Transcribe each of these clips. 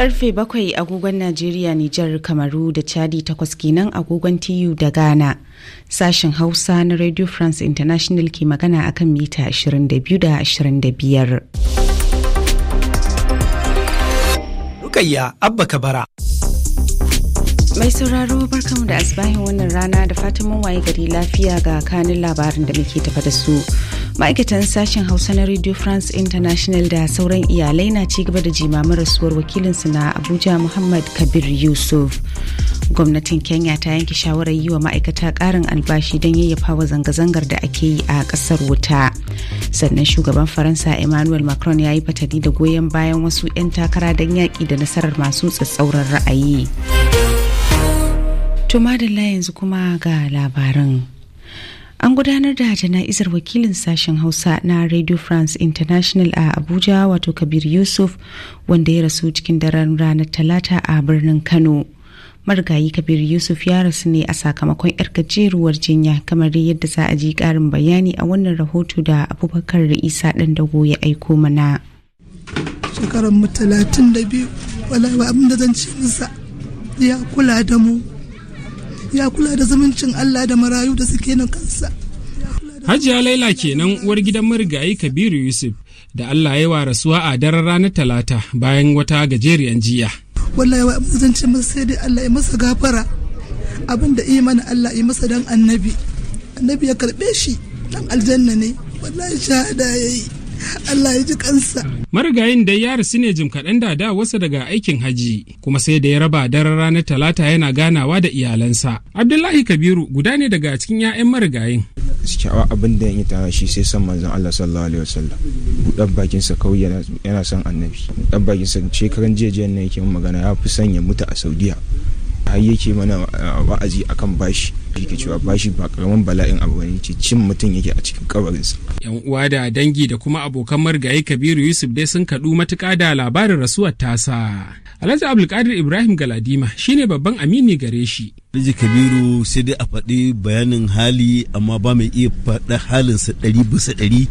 Karfe bakwai agogon Najeriya, Nijar, Kamaru da Chadi takwas kenan agogon TU da Ghana. Sashen Hausa na Radio France International ke magana a kan mita 22 da 25. Rukayya Abba Kabara. Mai sauraro barkamu da asibahin wannan rana da fatan mun waye gari lafiya ga kanin labarin da muke tafa da su. ma'aikatan sashen hausa na radio france international da sauran iyalai na ci gaba da jimamin rasuwar wakilinsu na abuja muhammad kabir yusuf gwamnatin kenya ta yanke shawarar yi wa ma'aikata karin albashi don yayyafa wa zanga-zangar da ake yi a kasar wuta sannan shugaban faransa emmanuel macron ya yi fatani da goyon bayan wasu 'yan takara don yaƙi da nasarar masu tsatsauran ra'ayi to yanzu kuma ga labaran an gudanar da jana'izar wakilin sashen hausa na radio france international a abuja wato kabir yusuf wanda ya rasu cikin daren ranar talata a birnin kano marigayi kabir yusuf ya rasu ne a sakamakon yar gajeruwar jinya kamar yadda za a ji karin bayani a wannan rahoto da abubakar isa dan dago ya aiko mana shekarar mu talatin da biyu wala abin da zan ce masa ya kula da mu ya kula da zumuncin Allah da marayu da suke nan kansa Hajiya Laila kenan uwar gidan marigayi Kabiru Yusuf da Allah ya wa rasuwa a daren ranar Talata bayan wata gajeriyar jiya. Wallahi wa zance masa sai dai Allah ya masa gafara abin da imanin Allah ya masa dan annabi. Annabi ya karbe shi dan aljanna ne wallahi shahada yayi. Allah ya ji kansa. Marigayin dai ya rasu ne jim kaɗan da da wasu daga aikin haji kuma sai da ya raba daren ranar talata yana ganawa da iyalansa. Abdullahi Kabiru guda ne daga cikin 'ya'yan marigayin. Sha'awa abin da ya yi tara shi sai san manzon Allah sallallahu alaihi wasallam. Buɗar bakin sa kawai yana son annabi. Buɗar bakin sa shekaran jiya ne yake magana ya fi son ya mutu a Saudiya. Har yake mana uh, wa'azi akan bashi. yake cewa bashi ba karamin bala'in abu bane ce cin mutum yake a cikin kabarinsa yan uwa da dangi da kuma abokan marigayi kabiru yusuf dai sun kaɗu matuka da labarin rasuwar tasa alhaji abdulkadir ibrahim galadima shine babban amini gare shi Alhaji Kabiru sai dai a faɗi bayanin hali amma ba mai iya faɗa halinsa ɗari bisa ɗari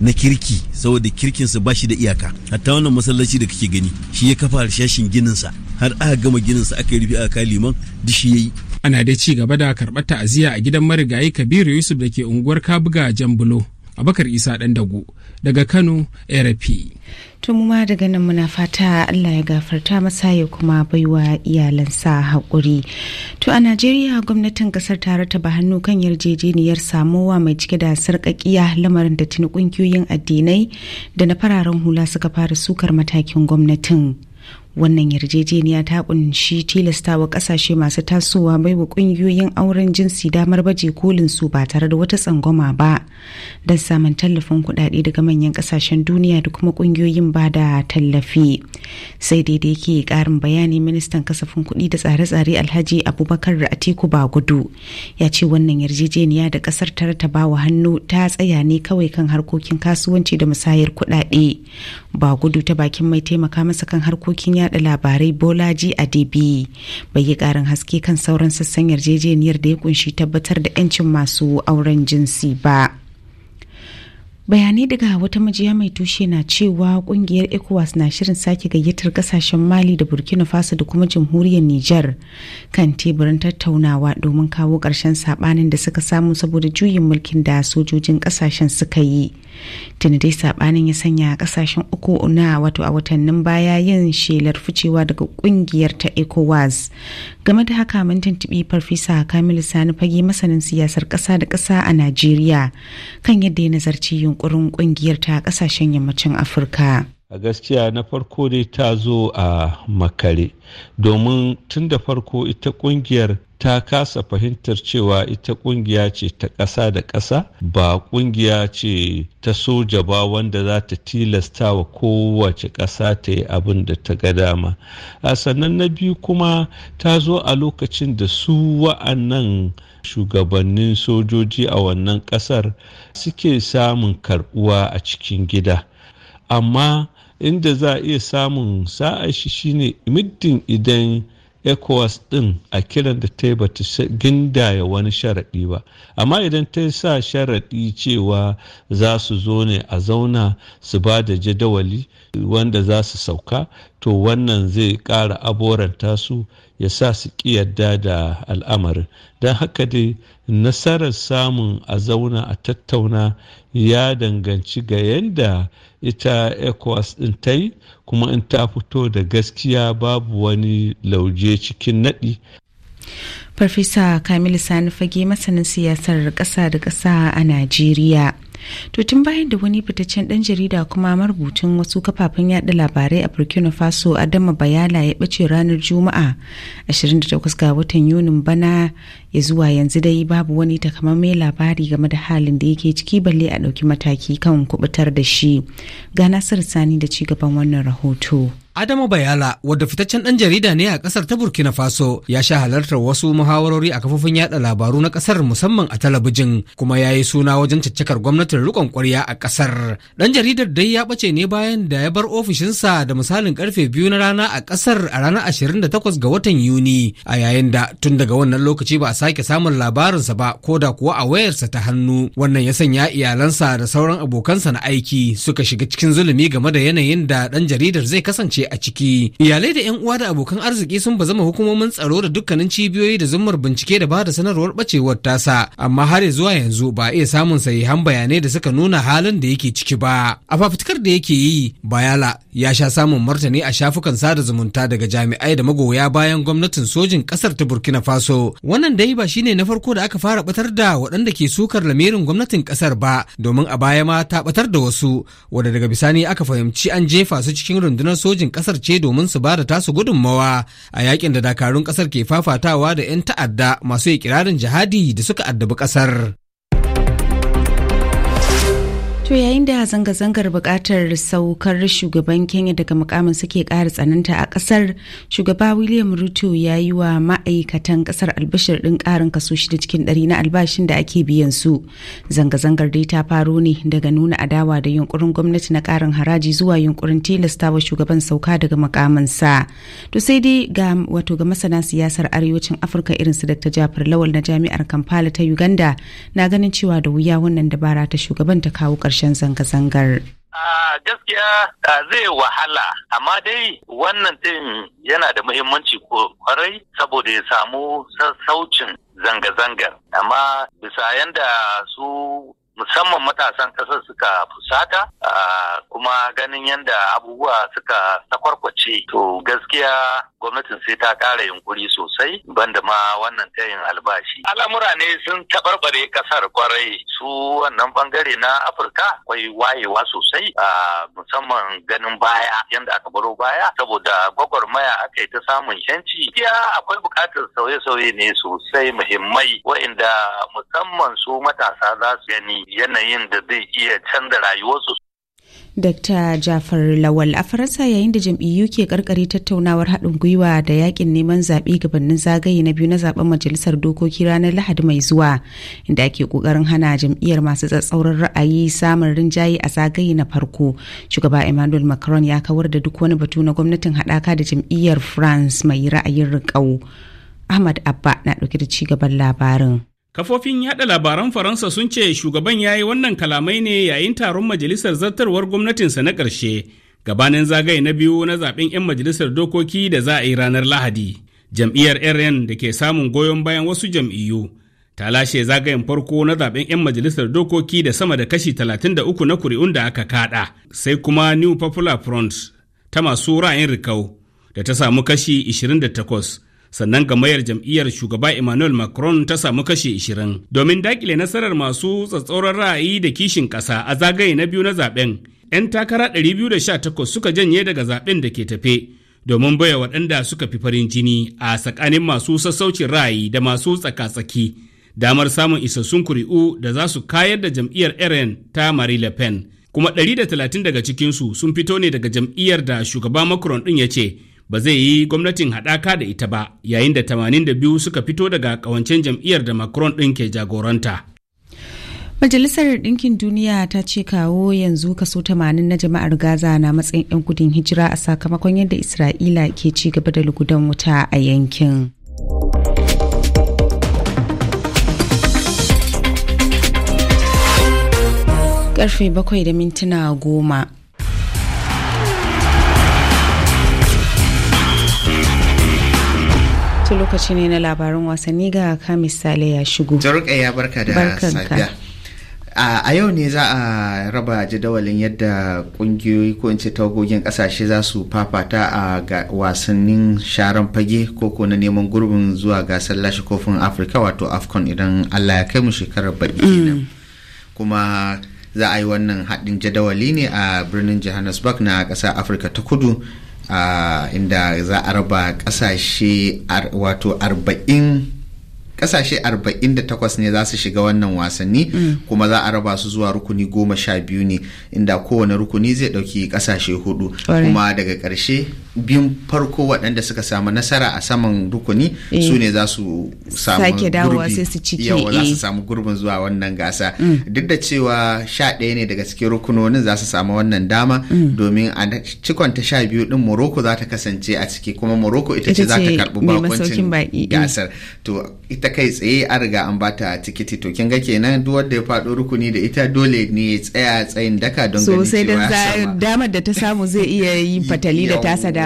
na kirki saboda kirkinsa ba shi da iyaka hatta wannan masallaci da kake gani shi ya kafa harshashin gininsa har aka gama gininsa aka rufe aka liman duk shi ya yi ana da ci gaba da karɓar ta'aziyya a gidan marigayi kabiru yusuf da ke unguwar kabuga jan jambulo bakar isa dan dago daga kano rp to mu ma daga nan muna fata allah ya gafarta masa ya kuma baiwa iyalan sa haƙuri to a najeriya gwamnatin kasar ta hannu kan yarjejeniyar samowa mai cike da sarƙaƙiya lamarin da tuni ƙungiyoyin addinai da na fararen hula suka fara sukar matakin gwamnatin wannan yarjejeniya ta kunshi tilastawa kasashe masu tasowa bai wa kungiyoyin auren jinsi damar baje kolin su ba tare da wata tsangwama ba don samun tallafin kudade daga manyan kasashen duniya da kuma kungiyoyin ba da tallafi sai dai da yake karin bayani ministan kasafin kuɗi da tsare-tsare alhaji abubakar atiku gudu ya ce wannan yarjejeniya da kasar ta bawa hannu ta tsaya ne kawai kan harkokin kasuwanci da musayar kudade gudu ta bakin mai taimaka masa kan harkokin yada labarai Bolaji Adebi bai yi karin haske kan sauran sassan yarjejeniyar da ya kunshi tabbatar da 'yancin masu auren jinsi ba. bayanai daga wata majiya mai tushe na cewa kungiyar ecowas na shirin sake gayyatar kasashen mali da burkina faso da kuma jamhuriyar niger kan teburin tattaunawa domin kawo ƙarshen sabanin da suka samu saboda juyin mulkin da sojojin kasashen suka yi tuni dai sabanin ya sanya kasashen uku na wato a watannin baya yin shelar ficewa daga kungiyar ta ecowas game da haka mun tuntubi farfisa kamilu sani fage masanin siyasar kasa da kasa a nigeria kan yadda ya nazarci yunkurin kungiyar ta kasashen yammacin afirka a gaskiya na farko dai ta zo a makare domin tun da farko ita kungiyar ta kasa fahimtar cewa ita kungiya ce ta ƙasa da ƙasa ba kungiya ce ta soja ba wanda za ta tilasta wa kowace ƙasa ta yi abin da ta ga dama a sannan na biyu kuma ta zo a lokacin da su wa'annan shugabannin sojoji a wannan ƙasar suke samun karɓuwa a cikin gida amma inda za a iya samun sa'a shi shine muddin idan ecowas din a kiran da ta yi ba gindaya wani sharaɗi ba amma idan ta sa sharaɗi cewa za su zo ne a zauna su ba da jadawali wanda za su sauka to wannan zai ƙara aboranta su ya sa su ƙi yarda da al'amarin don haka dai nasarar samun a zauna a tattauna ya danganci ga yadda ita ecowas ɗin ta yi kuma in ta fito da gaskiya babu wani lauje cikin naɗi farfesa kamilu sani fage masanin siyasar ƙasa da ƙasa a najeriya to tun bayan da wani fitaccen ɗan jarida kuma marubucin wasu kafafen yada labarai a burkina faso adama bayala ya bace ranar juma'a 28 ga watan yunin bana ya zuwa yanzu dai babu wani takamaimai labari game da halin da yake ciki balle a ɗauki mataki kan kubutar da shi ga nasir sani da gaban wannan rahoto Adamu Bayala wadda fitaccen ɗan jarida ne a ƙasar ta Burkina Faso ya sha halartar wasu muhawarori a kafofin yada labaru na ƙasar musamman a talabijin kuma ya yi suna wajen caccakar gwamnatin rikon ƙwarya a ƙasar. Ɗan jaridar dai ya ɓace ne bayan da ya bar ofishinsa da misalin ƙarfe biyu na rana a ƙasar a ranar takwas ga watan Yuni a yayin da tun daga wannan lokaci ba a sake samun labarinsa ba ko da kuwa a wayarsa ta hannu wannan ya sanya iyalansa da sauran abokansa na aiki suka shiga cikin zulumi game da yanayin da ɗan jaridar zai kasance a ciki iyalai da yan uwa da abokan arziki sun ba zama hukumomin tsaro da dukkanin cibiyoyi da zummar bincike da ba da sanarwar bacewar tasa amma har zuwa yanzu ba iya samun sahihan bayanai da suka nuna halin da yake ciki ba a fafutukar da yake yi bayala ya sha samun martani a shafukan sada zumunta daga jami'ai da magoya bayan gwamnatin sojin ƙasar ta burkina faso wannan dai ba shine na farko da aka fara batar da waɗanda ke sukar lamirin gwamnatin ƙasar ba domin a baya ma ta batar da wasu wadda daga bisani aka fahimci an jefa su cikin rundunar sojin kasar ce domin su bada tasu gudunmawa a yakin da dakarun kasar ke fafatawa da 'yan ta'adda masu ikirarin jihadi da suka addabi kasar. To yayin da zanga-zangar bukatar saukar shugaban Kenya daga mukamin suke ƙara tsananta a ƙasar, shugaba William Ruto ya yi wa ma'aikatan kasar albashir ɗin ƙarin kaso shida cikin ɗari na albashin da ake biyan su. Zanga-zangar dai ta faro ne daga nuna adawa da yunkurin gwamnati na ƙarin haraji zuwa yunkurin tilastawa shugaban sauka daga mukamin sa To sai dai ga wato ga masana siyasar arewacin Afirka irin su Dr. Jafar Lawal na Jami'ar Kampala ta Uganda na ganin cewa da wuya wannan dabara ta shugaban ta kawo karshen zanga-zangar. A gaskiya zai wahala, amma dai wannan ɗin yana da muhimmanci kwarai saboda ya samu sassaucin zanga-zangar. Amma bisa yanda su musamman matasan ƙasar suka fusata kuma ganin yadda abubuwa suka takwarkwace to gaskiya gwamnatin sai ta ƙara yunkuri sosai banda ma wannan tayin albashi al'amura ne sun taɓarɓare ƙasar kwarai su wannan bangare na afirka akwai wayewa sosai musamman ganin baya yadda aka baro baya saboda gwagwarmaya aka yi ta samun yanci ya akwai buƙatar sauye-sauye ne sosai muhimmai wa'inda musamman su matasa za su gani yanayin da zai iya canza rayuwarsu Dr. Jafar Lawal a Faransa yayin da jam'iyyu ke karkare tattaunawar haɗin gwiwa da yakin neman zaɓe gabanin zagaye na biyu na zaben majalisar dokoki ranar Lahadi mai zuwa inda ake ƙoƙarin hana jam'iyyar masu tsatsauran ra'ayi samun rinjaye a zagaye na farko. Shugaba Emmanuel Macron ya kawar da duk wani batu na gwamnatin haɗaka da jam'iyyar France mai ra'ayin riƙau. Ahmad Abba na ɗauke da ci gaban labarin. Kafofin yada labaran Faransa sun ce shugaban ya yi wannan kalamai ne yayin taron majalisar zartarwar gwamnatinsa na ƙarshe gabanin zagaye na biyu na zaben 'yan majalisar dokoki da za a yi ranar Lahadi. Jam'iyyar RN da ke samun goyon bayan wasu jam'iyyu ta lashe zagayen farko na zaben 'yan majalisar dokoki da sama da kashi 33 na kuri'un da aka kada sai kuma New Popular Front ta masu ra'ayin rikau da ta samu kashi 28 sannan gamayar jam'iyyar shugaba Emmanuel Macron ta samu kashe 20 domin dakile nasarar masu tsatsauran ra'ayi da kishin ƙasa a zagaye na biyu na zaben. 'Yan takara 218 suka janye daga zaben da ke tafe domin baya waɗanda suka fi farin jini a tsakanin masu sassaucin ra'ayi da masu tsaka-tsaki damar samun isassun kuri'u da za su kayar da jam'iyyar Eren ta Marie Le Pen. Kuma 130 daga cikinsu sun fito ne daga jam'iyyar da shugaba Macron ɗin ya ce ba zai yi gwamnatin haɗaka da ita ba yayin da tamanin da biyu suka fito daga ƙawancen jam'iyyar da macron ɗin ke jagoranta Majalisar Ɗinkin Duniya ta ce kawo yanzu kaso 80 na jama'ar Gaza na matsayin 'yan gudun hijira a sakamakon yadda Isra'ila ke ci gaba da lugudan wuta a yankin. Karfe 7 da mintuna goma. lokaci ne na labarin wasanni ga kamis sale ya shigo jaruka ya barka da safiya a yau ne za a raba jadawalin yadda kungiyoyi ko in ce tawagogin kasashe za su fafata a wasannin sharan fage ko ko na neman gurbin zuwa gasar lashe kofin afirka wato afcon idan allah ya kai mu shekarar baki mm. kuma za a yi wannan haɗin jadawali ne a birnin johannesburg na ƙasar afirka ta kudu inda za a raba kasashe wato arba'in kasashe takwas ne za su shiga wannan wasanni mm. kuma za a raba su zuwa rukuni goma sha biyu ne inda kowane rukuni zai dauki kasashe hudu kuma daga karshe biyun farko waɗanda suka samu nasara a saman rukuni eh. su ne za su samu gurbi yawa za su eh. samu gurbin zuwa wannan gasa mm. duk da cewa sha ɗaya ne daga cikin rukunonin za su samu wannan dama mm. domin a cikon ta sha biyu din morocco za ta kasance a ciki kuma morocco ita ce za ta karɓi bakuncin eh. gasar to ita kai tsaye an riga an bata tikiti to kin ga kenan duk wanda ya faɗo rukuni da ita dole ne ya tsaya tsayin daka don ganin cewa sosai da damar da ta samu zai iya yin fatali da tasa da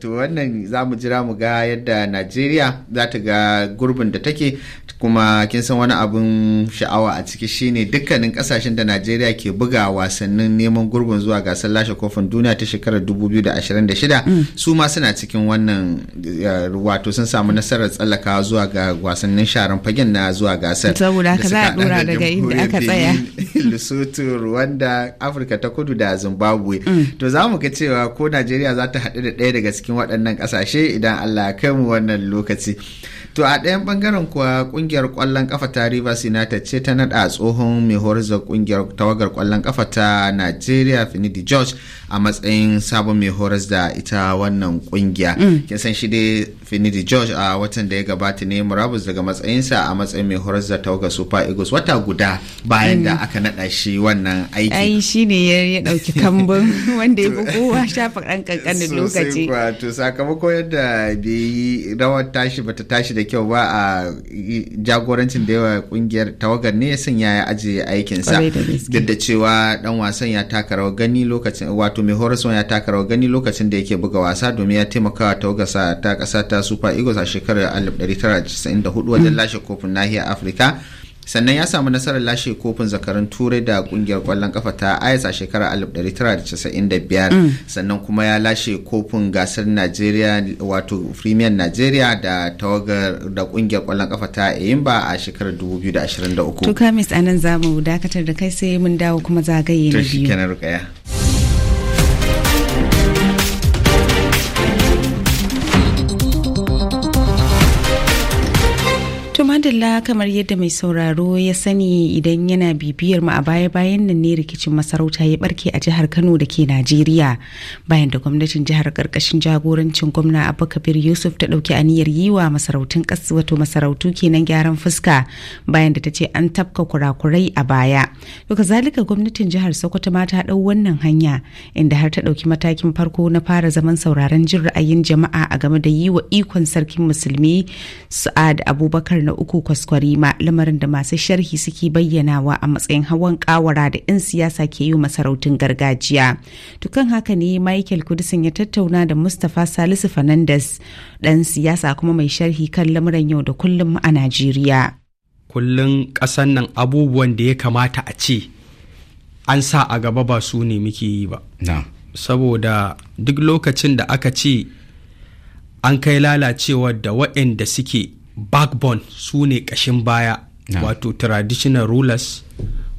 to wannan za mu jira mu ga yadda najeriya za ta ga gurbin da take kuma kin san wani abin sha'awa a ciki shine dukkanin kasashen da najeriya ke buga wasannin neman gurbin zuwa gasar lashe kofin duniya ta shekarar 2026 mm. su ma suna cikin wannan wato sun samu nasarar tsallakawa zuwa ga wasannin sharan fagen na zuwa gasar saboda ka za a dora daga inda aka tsaya lesotho rwanda afirka ta kudu da zimbabwe mm. to za mu ga cewa ko najeriya za ta haɗu da ɗaya daga cikin waɗannan ƙasashe idan allah ya kai mu wannan lokaci To a ɗayan ɓangaren kuwa ƙungiyar ƙwallon ƙafa ta Rivers United ce ta naɗa tsohon mai horar da ƙungiyar tawagar ƙwallon ƙafa ta Nigeria Finidi George a matsayin sabon mai horas da ita wannan ƙungiya. Mm. Kin san shi dai Finidi George a watan da ya gabata ne murabus daga matsayinsa a matsayin mai horas da tawagar Super Eagles wata guda bayan da mm. aka naɗa shi wannan aiki. Ai shi ne ya ɗauki kambun wanda ya fi kowa shafa ɗan ƙanƙanin lokaci. To sakamako yadda bai yi rawar tashi bata tashi da da kyau ba a jagorancin da yawa kungiyar tawagar ne ya sanya ya ajiye aikinsa duk da cewa dan wasan ya taka rawar gani lokacin wato mai horaswa ya taka rawar gani lokacin da yake buga wasa domin ya taimaka wa tawagarsa ta kasa ta super eagles a shekarar 1994 wajen lashe kofin nahiyar afirka sannan ya samu nasarar lashe kofin zakarun turai da kungiyar kwallon kafa ta ayas a shekarar 1995 mm. sannan kuma ya lashe kofin gasar najeriya wato premier nigeria da tawagar da kungiyar kwallon kafa ta eyimba a shekarar 2023 to kamis anan zamu dakatar da kai sai mun dawo kuma zagaye na biyu alhamdulillah kamar yadda mai sauraro ya sani idan yana bibiyar mu a baya-bayan nan ne rikicin masarauta ya barke a jihar Kano da ke Najeriya bayan da gwamnatin jihar karkashin jagorancin gwamna Abubakar Yusuf ta dauki aniyar yi wa masarautun kasu wato masarautu kenan gyaran fuska bayan da ta ce an tafka kurakurai a baya. To kazalika gwamnatin jihar Sokoto ma ta dau wannan hanya inda har ta dauki matakin farko na fara zaman sauraron jin ra'ayin jama'a a game da yi wa ikon sarkin musulmi Sa'ad Abubakar na uku kwaskwarima lamarin da masu sharhi suke bayyanawa a matsayin hawan kawara da 'yan siyasa ke yi masarautun gargajiya. Tukan haka ne Michael Kudisin ya tattauna da Mustapha Salisu Fernandes ɗan siyasa kuma mai sharhi kan lamuran yau da kullum a Najeriya. Kullum kasan nan abubuwan da ya kamata a ce an sa a gaba ba su ne muke yi ba. Saboda duk lokacin da aka ce an kai lalacewar da waɗanda suke backbone su ne ƙashin baya yeah. wato traditional rulers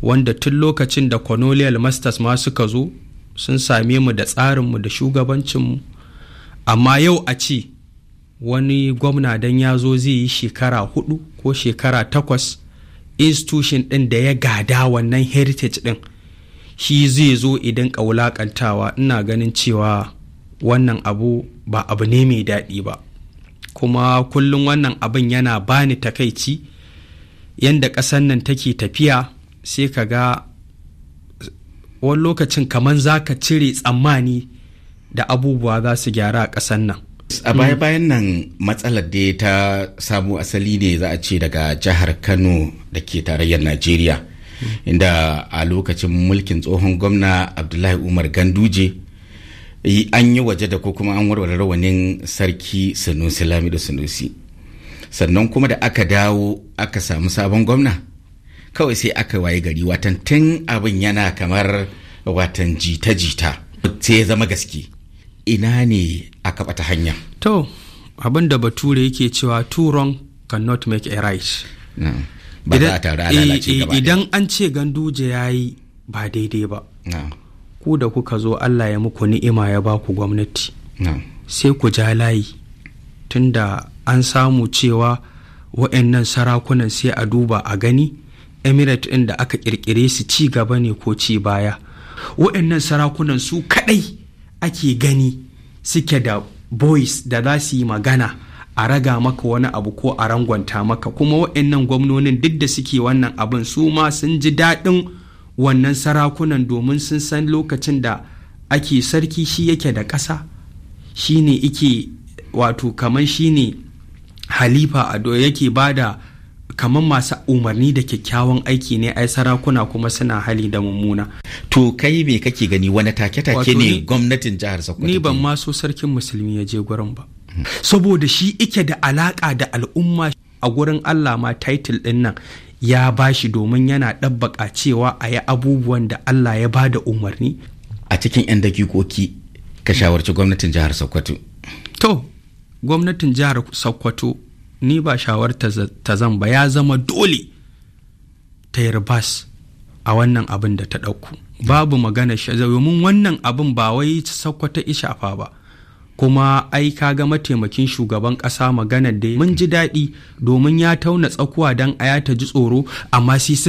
wanda tun lokacin da colonial masters ma suka zo sun same mu da tsarin mu da shugabancin mu. amma yau a ce wani gwamna don ya zo zai yi shekara hudu ko shekara takwas institution ɗin da ya gada wannan heritage ɗin shi zai zo idan wulaƙantawa ina ganin cewa wannan abu ba abu ne mai daɗi ba kuma kullum wannan abin yana bani takaici yadda ƙasar nan take tafiya sai ka ga wani lokacin kamar za ka cire tsammani da abubuwa za su gyara a ƙasar nan a baya bayan nan matsalar da ta samu asali ne za a ce daga jihar kano da ke tarayyar najeriya inda a lokacin mulkin tsohon gwamna abdullahi umar ganduje an yi waje da ko kuma an warware rawanin sarki sanusi lamido sanusi sannan kuma da aka dawo aka samu sabon gwamna kawai sai aka waye gari watan tun abin yana kamar watan jita-jita sai ya zama gaske ina ne aka bata hanya to abin da bature yake cewa turon wrong cannot make a right idan an ce ganduje ya yi ba daidai ba ku da kuka zo allah ya muku ni'ima ya baku gwamnati sai ku ja layi tunda an samu cewa wa'annan sarakunan sai a duba a gani emirate ɗin da aka ƙirƙire su ci gaba ne ko ci baya wa'annan sarakunan su kaɗai ake gani suke da boys da za su yi magana a raga maka wani abu ko a rangwanta maka kuma wa'annan gwamnonin duk da suke wannan abin su ma sun ji daɗin wannan sarakunan domin sun san lokacin da ake sarki shi yake da ƙasa shi ne ike wato kamar shi ne halifa a yake ba da kamar masu umarni da kyakkyawan aiki ne ai sarakuna kuma suna hali da mummuna. To kai me kake gani wani take-take ne gwamnatin jihar Sokoto? Ni ban ma so sarkin musulmi ya je gurin ba. Hmm. Saboda shi ike da alaka da al'umma a gurin Allah ma title ɗin nan ya bashi domin yana ɗabbaƙa cewa a yi abubuwan da Allah ya bada umarni a cikin 'yan dakikoki ka shawarci gwamnatin jihar Sokoto to gwamnatin jihar Sokoto ni ba shawarta ta zan ba ya zama dole ta yarbas a wannan abin da ta ɗauku babu magana shi domin wannan abin ba wai Sokoto ishafa ba kuma ai ka ga mataimakin shugaban ƙasa maganar da mun ji daɗi domin ya tauna tsakuwa don a ya ta ji tsoro amma